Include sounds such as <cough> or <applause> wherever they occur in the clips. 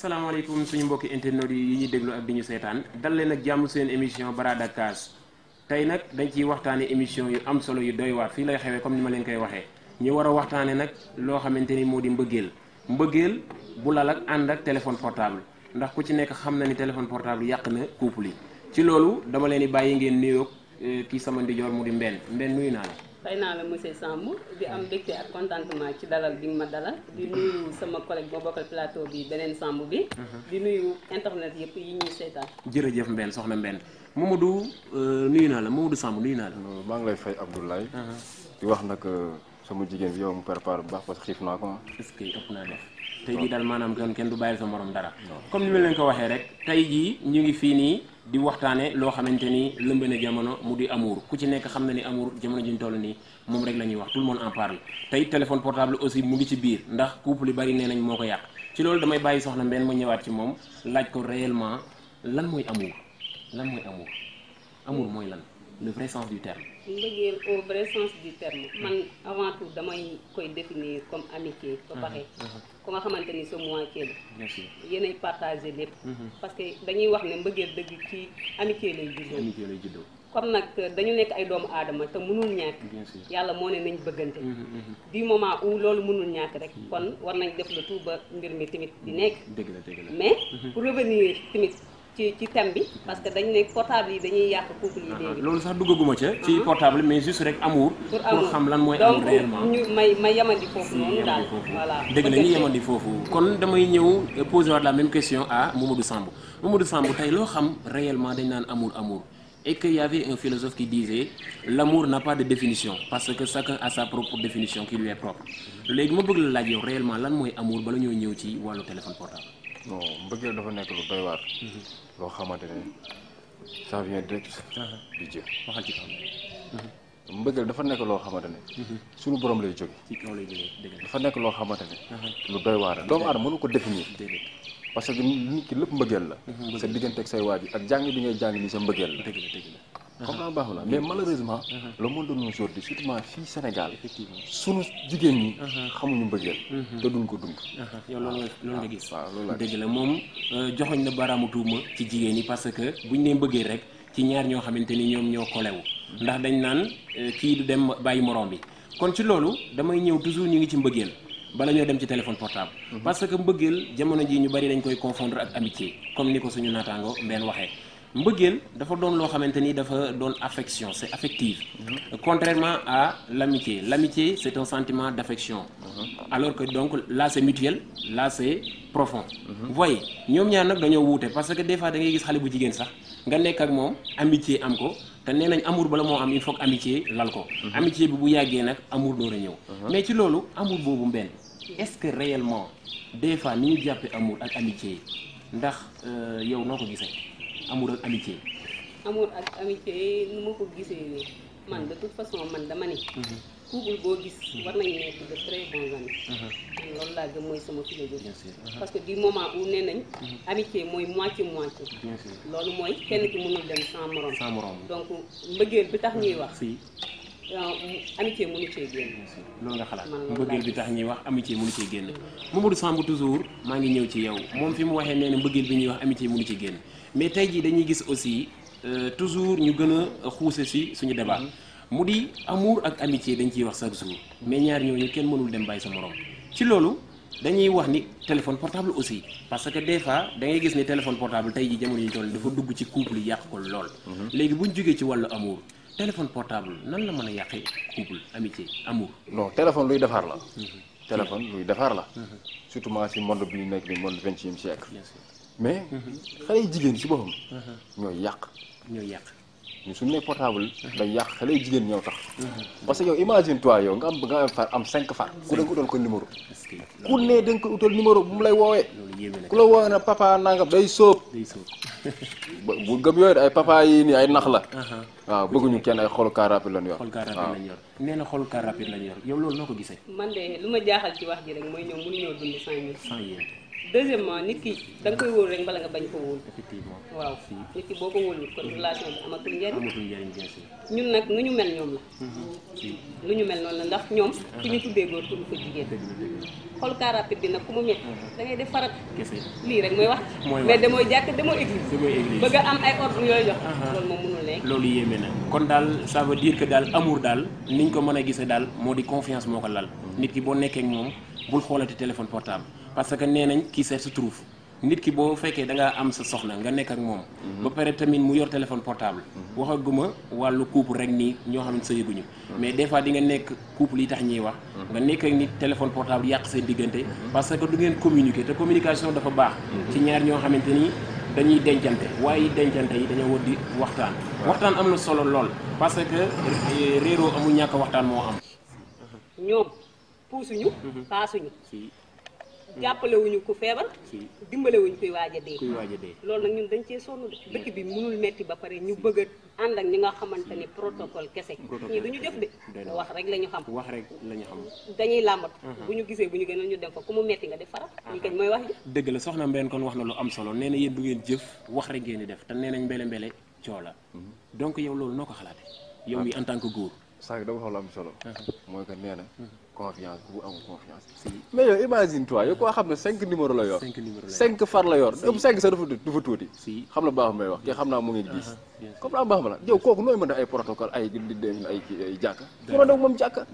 asalaamaaleykum suñu mbokki internet yi ñu déglu ak di ñu seetaan dal leen ak jàmm seen émission Barada Cash tey nag dañ ciy waxtaane émission yu am solo yu doy waar fii lay xewee comme ni ma leen koy waxee ñu war a waxtaane nag loo xamante ni moo di mbëggeel mbëggeel bu lal ak ànd ak téléphone portable ndax ku ci nekk xam na ni téléphone portable yàq na couple yi ci loolu dama leen di bàyyi ngeen nuyoog eh, kii sama ndijoor mu di Mbène mbenn nuyu naa fay naa la monsieur Samb di am mbégte ak contentement ci dalal bi ma dalal di nuyu sama collègue moo bokkal plateau bi beneen Samb bi mhm. di nuyu internet yëpp yi ñuy seetaan jërëjëf Mbène soxna Mbène Mamadou euh, nuyu naa la Mamadou Samb nuyu naa la maa ngi lay fay Abdoulaye mhm. di wax nag euh, sama jigéen yow mu prépare bu baax parce xiif naa ko est-ce que ëpp naa def tey jii daal maanaam doon kenn du bàyyil sa morom dara comme ni ma leen ko waxee rek tey jii ñu ngi fii nii di waxtaane loo xamante ni lëmbe jamono mu di amour ku ci nekk xam na ni amour jamono ji ñu toll nii moom rek la ñuy wax tout moon en parle tey téléphone portable aussi mu ngi ci biir ndax couple yu bari nee nañ moo ko yàq ci loolu damay bàyyi soxna mbenn mu ñëwaat ci moom laaj ko réellement lan mooy amour lan mooy amour amour mooy lan le vrai mbëggeel au vrai sens du terme man avant tout damay koy définir comme amitié ba mhm. pare mhm. nga xamante ni sa moitié la yéenay partager mhm. parce que dañuy wax ne mbëggeel dëgg ci amitié lay juddoo comme nag dañu nekk ay doomu mënul nañ bëggante du moment où mënul rek kon war nañ def le mais pour revenir ci ci thème parce que dañ ne portable yi dañuy yàq couple yi ah, loolu sax duggaguma ci mhm. portable mais juste rek amour pour xam lan moy amour réellement ñu may may yemandi foofu noonu daal voilà dëgg la ñu yemandi foofu kon damay ñëw euh, poser la même question à Mamadou Samb Mamadou Samb tay lo xam réellement dañ naan amour amour et qu'il y avait un philosophe qui disait l'amour n'a pas de définition parce que chacun a sa propre définition qui lui est propre légui ma bëgg la laaj yow réellement lan moy amour bala ñoo ñëw ci walu téléphone portable non mbëggeel dafa nekk lu doy waar. Mhm. loo xamante ne ça vient direct di Dieu. waxal ci kaw mhm. mbëggeel dafa nekk loo xamante ne. Mhm. suñu borom lay jóge. ci kaw lay jóge dafa nekk loo xamante ne. lu doy waar la doomu aadama mënu ko définir. parce que nit ki lépp mbëggeel la. sa diggante ak say waajur ak jàng bi ngay jàng nii sa mbëggeel la. comprends pas là mais malheureusement le monde de nos jours surtout fi Sénégal sunu jigen ni xamuñu bëggel te duñ ko dund yow loolu loolu gis dëgg la mom joxoñ na baramu tuuma ci jigen ni parce que buñ leen bëggee rek ci ñaar ñoo xamanteni ñoom ñoo kolew hmm. ndax dañ naan eh, kii du dem bàyyi morom bi kon ci loolu damay ñëw toujours ñu ngi ci mbëggeel bala ñoo dem ci téléphone portable hmm. parce que mbëggeel jamono ji ñu bari dañ koy confondre ak amitié comme ni ko suñu naataango mbeen waxee mbëggeel dafa doon loo xamante ni dafa doon affection c'est affective mhm. contrairement à l'amitié l'amitié c'est un sentiment d'affection mhm. alors que donc là c'est mutuel là c'est profond mhm. vous voyez ñoom ñaar nag dañoo wuute parce que des fois da ngay gis xale bu jigéen sax nga nekk ak moom amitié am ko te nee nañ amour bala moo am il faut que amitié lal ko amitié bi bu yàggee nag amour door a ñëw mais ci loolu amour boobu ben. est-ce que réellement des fois ni ñu jàppee amour ak amitié ndax euh, yow noo ko gisee amour ak amitié. ak amitié nu ma ko gisee man de toute façon man dama ne. couple boo gis war nañu nekk de très bons amis. Mhm. loolu laa gëm mooy sama philosophie. Mhm. parce que du moment où ne nañ. Mhm. amitié mooy moitié moitié. loolu mooy kenn ki mënul dem sans morom. sans morom donc mbëggeel bi tax ñuy wax. Mm, amitié mënu cee génn. loolu nga xalaat mbëggeel bi tax ñuy wax amitié mënu ci génn. Mm-hmm. Mamadou Samb toujours maa ngi ñëw ci yow moom fi mu waxee nee na mbëggeel bi ñuy wax amitié mënu ci génn mais tey jii dañuy gis aussi euh, toujours ñu gën a xuuse si suñu débat mm-hmm. mu di amour ak amitié dañ ciy wax chaque jour mais ñaar ñooñu kenn mënul dem bàyyi sa morom ci loolu. dañuy wax ni téléphone portable aussi parce que des fois da ngay gis ni téléphone portable tey jii jamono yi ñu toll dafa dugg ci couple yàq ko lool. Mm-hmm. léegi bu ñu jógee ci wàllu amour. téléphone portable nan la mën a yàqee couple amitié amour. non téléphone luy defar la. Mhm. téléphone luy defar la. Mhm. surtout maa si monde bi ñu nekk nii monde vingtième siècle. mais mhm. xale yi jigéen si boppam. ñooy yàq. ñooy yàq. ñu suñu nee portable day yàq xale jigéen ñoo tax parce que yow imagine toi yow nga am nga am far am cinq far ku ne nga utal ko numéro ku ne da nga koy utal numéro bu mu lay woowee ku la woowee na papa nangam day sóob <laughs> bu gëm yooyu ay papa yi nii ay nax la waaw bëgguñu kenn ay xolu car rapide lañ yor xolu car rapide lañ yor nee na yow loolu noo ko gisee man de lu ma deuxièmement nit ki da nga koy wóolu rek bala nga bañ ko wóolu. effectivement waaw nit ki boo ko wóoluwul kon mhm. relation bi amatul njëriñ. amatul njëriñ bien ñun nag nu ñu mel ñoom la. Mhm. lu ñu mel noonu ndax ñoom. ku ñu mhm. tuddee góor tudd ko jigéen. xool car bi nag ku mu métti. da def farat. lii rek mooy wax. mais demoo jàkk demoo église. bëgg am ay ordre yooyu jox. loolu moom mënul nekk. loolu yéeme na kon daal ça veut daal que daal ni ñu ko mën a gisee daal moo di confiance moo ko lal. nit ki boo nekkee moom bul xoolati téléphone portable parce que nee nañ kii seet sa truuf nit ki boo fekkee da nga am sa soxna nga nekk ak moom. Mhm. ba pare tamit mu yor téléphone portable. Mhm. wax ak ma wàllu couple rek ni ñoo xam ne sa yëguñu. Mhm. mais des fois di nga nekk couple yi tax ñuy wax. nga nekk ak nit téléphone portable yàq seen diggante. parce que du ngeen communiquer te communication dafa baax. ci ñaar ñoo xamante ni dañuy dencante waaye dencante yi dañoo war di waxtaan. waxtaan am na solo lool parce que eh, réeróo amul ñàkk waxtaan moo am. ñoom puusuñu. paasuñu. jàppale wuñu ku feebar. dimbale wuñu kuy waaj a dee. kuy waaj loolu nag ñun dañ cee sonn dëkk bi mënul metti ba pare ñu bëgg a ànd ak ñi nga xamante ne protocole kese. ñii du ñu def de. wax rek la ñu xam. wax rek la ñu xam. dañuy làmbat. bu ñu gisee bu ñu gënal ñu def ko ku mu metti nga def farat. lii kañ mooy wax ji. dëgg la soxna Mbène kon wax na lu am solo nee na yéen du ngeen jëf wax rek ngeen di def te nee nañ mbele mbele coola mhm. donc yow loolu noo ko xalaatee yow mi ah. en tant que góor sànq da nga wax am solo. mooy que nee na. confiance bu amul confiance. mais yow imagine toi yow koo xam ne cinq numéro la yor. cinq numéro la yor far la yor. si cinq sax dafa dafa tuuti. si xam baax may wax kii xam naa mu ngi gis. comme la baax ma la yow kooku nooy mën a ay protocole ay di dem ay kii ay jàkka. doy na waar moom jàkka.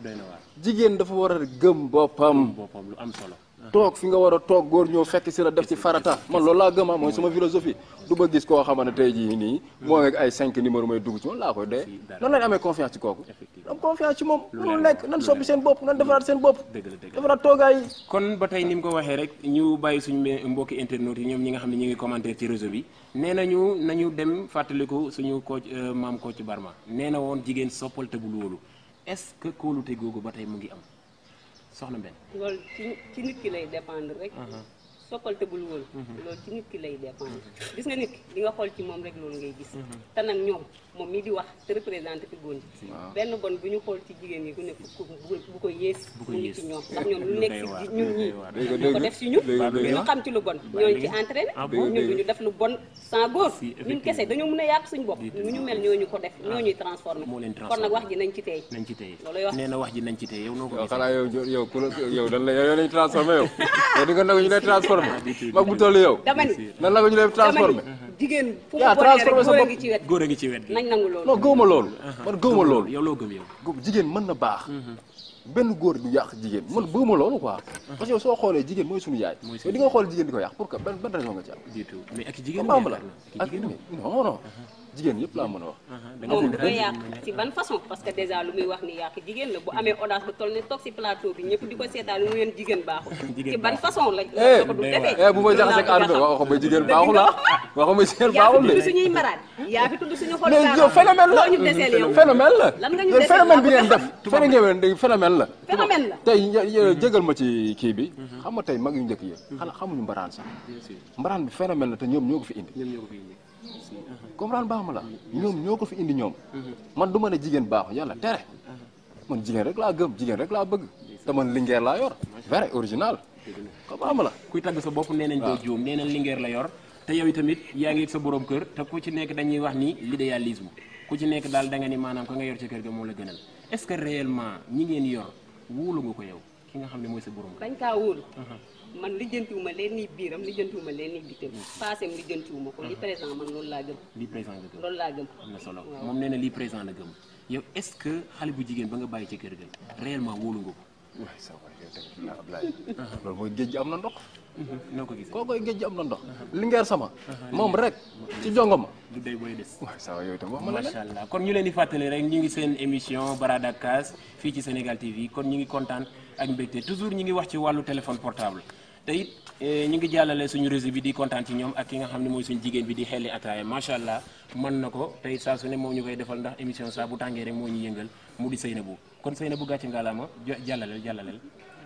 jigéen dafa war a gëm boppam. boppam lu am solo. toog fi nga war a toog góor ñëw fekk si la def ci farata man loolu laa gëm ah, mooy sama philosophie du ma gis koo xamante ne tey ji nii moo ngi ay cinq numéro may dugg ci moom laa koy dee nan lañ amee confiance ci kooku am confiance ci moom mënul nekk nan soppi seen bopp nan defaraat seen bopp defaraat toogaay kon ba tey ni mu ko waxee rek ñu bàyyi suñ mbokki internautes yi ñoom ñi nga xam ne ñu ngi commentaire ci réseau bi ñu na ñu dem fàttaliku suñu coach euh, maam coach Barma nee na woon jigéen soppal te bul wóolu est ba tey mu ngi am soxna Mbène. loolu ci ci nit ki lay dépendre rek. soppal te bul wóol loolu ci nit ki lay dépendre gis nga nit ki li nga xool ci moom rek loolu ngay gis te nag ñoom moom mi di wax te représenté fi góor ñi benn yi ko yées mu ngi ci ñoom ndax ñoom xam ci lu bon ñooñu ci entraîné ñun duñu def lu bon sans góor ñu def loolu wax nee na wax ji nañ ci tey yow noo ko di nga nangu ñu lay transformé transformé mag bu toll yow. dama ni nan la ko ñu def transformé. jigéen fu mu boolee rek góor a ngi ci wet a ngi nañ nangu loolu non gëwma loolu man gëwma loolu jigéen mën na baax mhm. benn góor du yàq jigéen man gëwma loolu quoi jigéen la ak non non jigéen yëpp laa mën a wax. moom du ko yàq ci wax ni jigéen la bu amee mhm. audace bu jigéen baaxul. <laughs> ci ban façon eh, eh, ma <laughs> Seigneur ba wolé yaa fi tuddu suñuy maran yaa fi tuddu suñu xol mais yow phénomène la phénomène la lan nga ñu phénomène bi ngeen def fere ngeen phénomène la phénomène la tay jéggal ma ci ki bi xam nga indi ñom ñoko fi indi la ñom ñoko indi ñom man duma ne jigen baax yalla téré man jigen rek la jigen rek la bëgg te man linguer original comprendre baama la kuy tag sa bop neenañ do te yow tamit yaa ngi sa borom kër te ku ci nekk dañuy wax ni l'idéalisme ku ci nekk daal da nga ni maanaam ka nga yor ci kër ga moo la gënal est-ce que réellement ñi ngeen yor wóolu nga ko yow ki nga xam ne mooy sa borom kër. dañ uh-huh. man lijjantiwuma leen ni biiram lijjantiwuma leen ni bitam mm. passé lijjantiwuma ko li uh-huh. présent man loolu laa gëm. am na solo moom nee na li présent la gëm yow est-ce que xale bu jigéen ba nga bàyyi ci kër ga réellement wóolu nga ko. waay sa waay yow tamit loolu mooy géej am na ndox noo ko gis kookoy géej am na ndox lingeer sama moom rek ci jongo ma du day booy des allah kon ñu leen di fàttali rek ñu ngi seen émission Barada Cash fii ci Sénégal TV kon ñu ngi kontaan ak mbégte toujours ñu ngi wax ci wàllu téléphone portable te it eh, ñu ngi jàllale suñu réseau bi di kontaan ci ñoom ak ki nga xam ne mooy suñu jigéen bi di xelli ataaya macha allah mën na ko tey saa su ne moom ñu koy defal ndax émission saa bu tàngee rek moo ñu yëngal mu di kon Seynabou gatchi ngalama jàllaleel jàllaleel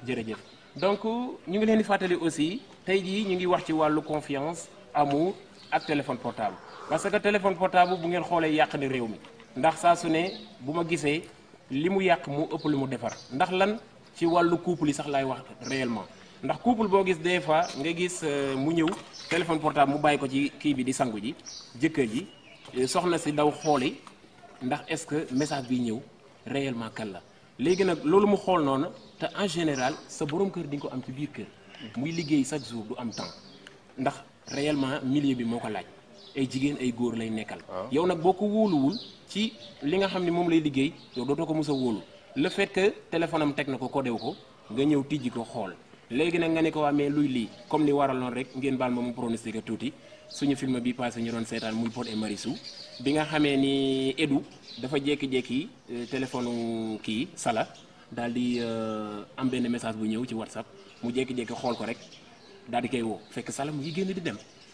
jërëjëf donc ñu ngi leen di fàttali aussi tay ji ñu ngi wax ci walu confiance amour ak téléphone portable parce que téléphone portable bu ngeen xolé yàq ni réew mi ndax sa su ne bu ma gisee li mu yàq mu ëpp li mu ndax lan ci walu couple yi sax lay wax réellement ndax couple bo gis des fois nga gis euh, mu ñew téléphone portable mu bàyyi ko ci ki bi di sangu ji jëkke ji euh, soxna ci daw xolé ndax est-ce que message bi ñew réellement kan la léegi nag loolu mu xool noonu te en général sa borom kër di ko am ci biir kër muy liggéey chaque jour du am temps ndax réellement milieu bi moo ko laaj ay jigéen ay góor lay nekkal ah. yow nag boo ko wóoluwul ci li nga xam ne moom lay liggéey yow dootoo ko mos a wóolu le fait que téléphone teg na ko ko dew ko nga ñëw tijji ko xool léegi nag nga ne ko waa mais luy lii comme li waraloon rek ngeen baal ma mu pronostiqué tuuti suñu film bi passé ñu doon seetaan muy Pod et Marichou bi nga xamee ni Edu dafa jékki-jékki euh, téléphone kii Sala daal di euh, am benn message bu ñëw ci WhatsApp mu jékki-jékki xool ko rek daal di koy woo fekk Sala mu ngi génn di dem.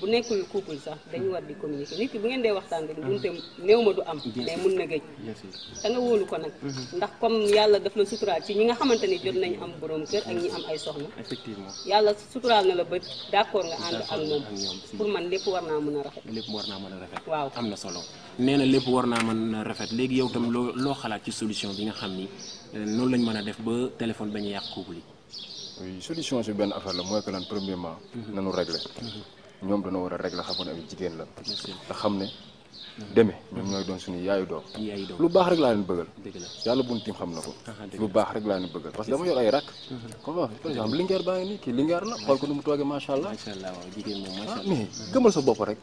bu nekkul couple sax dañu war di communiquer nit ki bu ngeen dee waxtaan rek bunte néew ma du am mais mun na gëj ko nag mhm. ndax comme yàlla daf la suturaal ci ñi nga xamante ni jot nañ am borom kër ak ñi am ay effectivement yàlla suturaal na la ba d'accord nga ànd man lépp war naa lépp war naa mën rafet waaw am na solo nee na lépp war naa mën a rafet léegi yow tam loo loo xalaat ci solution bi nga xam ni eh, noonu lañ mën a def ba téléphone bañ yàq couple yi solution si benn affaire la mooy que lan premièrement mhm. nanu régler mhm. ñoom dañoo war a régler xam ne ak jigéen la te xam ne deme ñoom ñooy doon suñu yaayu doom lu baax rek laa leen bëggal yàlla buñ tim xam na ko ah, lu baax rek laa leen bëggal parce que dama yor mm-hmm. lingeer baa nii kii lingeer la xool ko nu mu toogee macha ah, mais gëmal sa bopp rek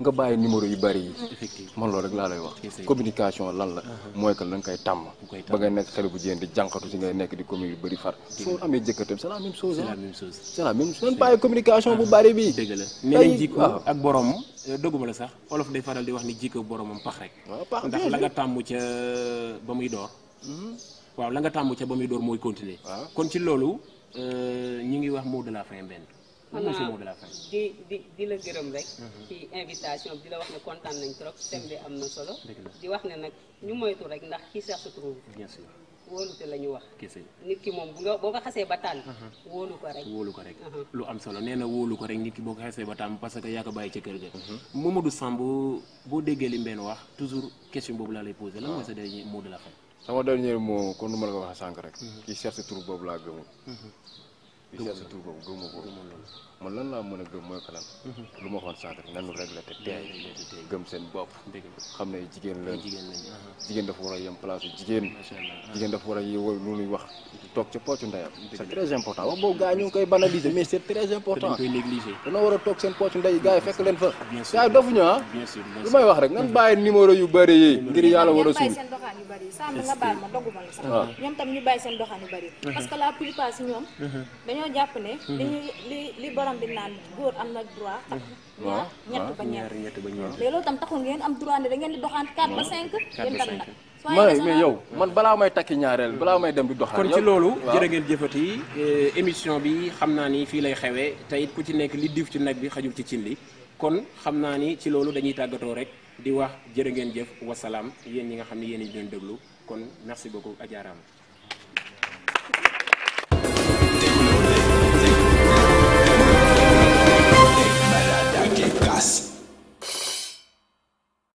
nga bàyyi numéro yu bari yi man loolu rek laa lay wax communication lan la uh-huh. mooy que la nga koy tàmm ba ngay nekk xale bu jigéen di jànqatu si ngay nekk di commune yu bëri far soo amee jëkkër tam c'est la bàyyi communication Euh, dëgguma la sax olof day faral di wax ni jikko boromam pax rek. Ah, ndax la nga tàmm ca ba muy door. Mm-hmm. waaw la nga tàmbu ca ba muy door mooy continuer. Ah. kon ci loolu euh, ñu ngi wax mot de la fin benn. mot de la fin di di la gërëm rek. Mm-hmm. ci invitation di la wax ne kontaan nañ trop thème bi am na solo. di wax ne nag ñu moytu rek ndax qui cherche trouve. wóolute la ñu wax. kese nit ki moom boo ko xasee ba tànn. wóolu ko rek lu am solo nee na wóolu ko rek nit ki boo ko xasee ba tànn parce que yaa ko bàyyi ca kër ga. Mamadou Samb boo déggee li Mbène wax toujours question boobu laa lay posé. lan mooy ah. sa dernier mot de la fin. sama dernier mot kon nu ma la ko waxee sànq rek. ki cherche tur boobu laa gëmul. gëmoo lan laa mën a gëm mooy que lan mhm. lu ma waxoon sànq nanu réglé te teey gëm seen bopp xam ne jigéen lañ jigéen dafa war a yem place jigéen jigéen dafa war a y woy nunuy wax toog ca a toog seen poccu ndey gars yi fekk leen ah. lu may wax rek nan bàyyi numéro yu bëri yi ngir yàlla war a bari sàmm nga baal ma doguma la sax ñoom tam ñu bàyyi seen doxani bari mhm. parce que la plupart si ñoom mhm. dañoo jàpp ne mhm. dañuy li li borom bi naan góor am na droit tax ñaar ñett ba ñeent mais loolu tam taxul ngeen am droit ne da di doxaan 4 ba 5 yéen mais mais man balaa may takki ñaareel balaa may dem di doxaan kon ci loolu jërë ngeen jëfati eh, émission bi xam naa ni fii lay xewee te it ku ci nekk li diif ci nag bi xajul ci cin li kon xam naa ni ci loolu dañuy tàggatoo rek di wax jërë ngeen jëf Salam. yéen ñi nga xam ne yéen ñi doon déglu kon merci beaucoup ajaaraama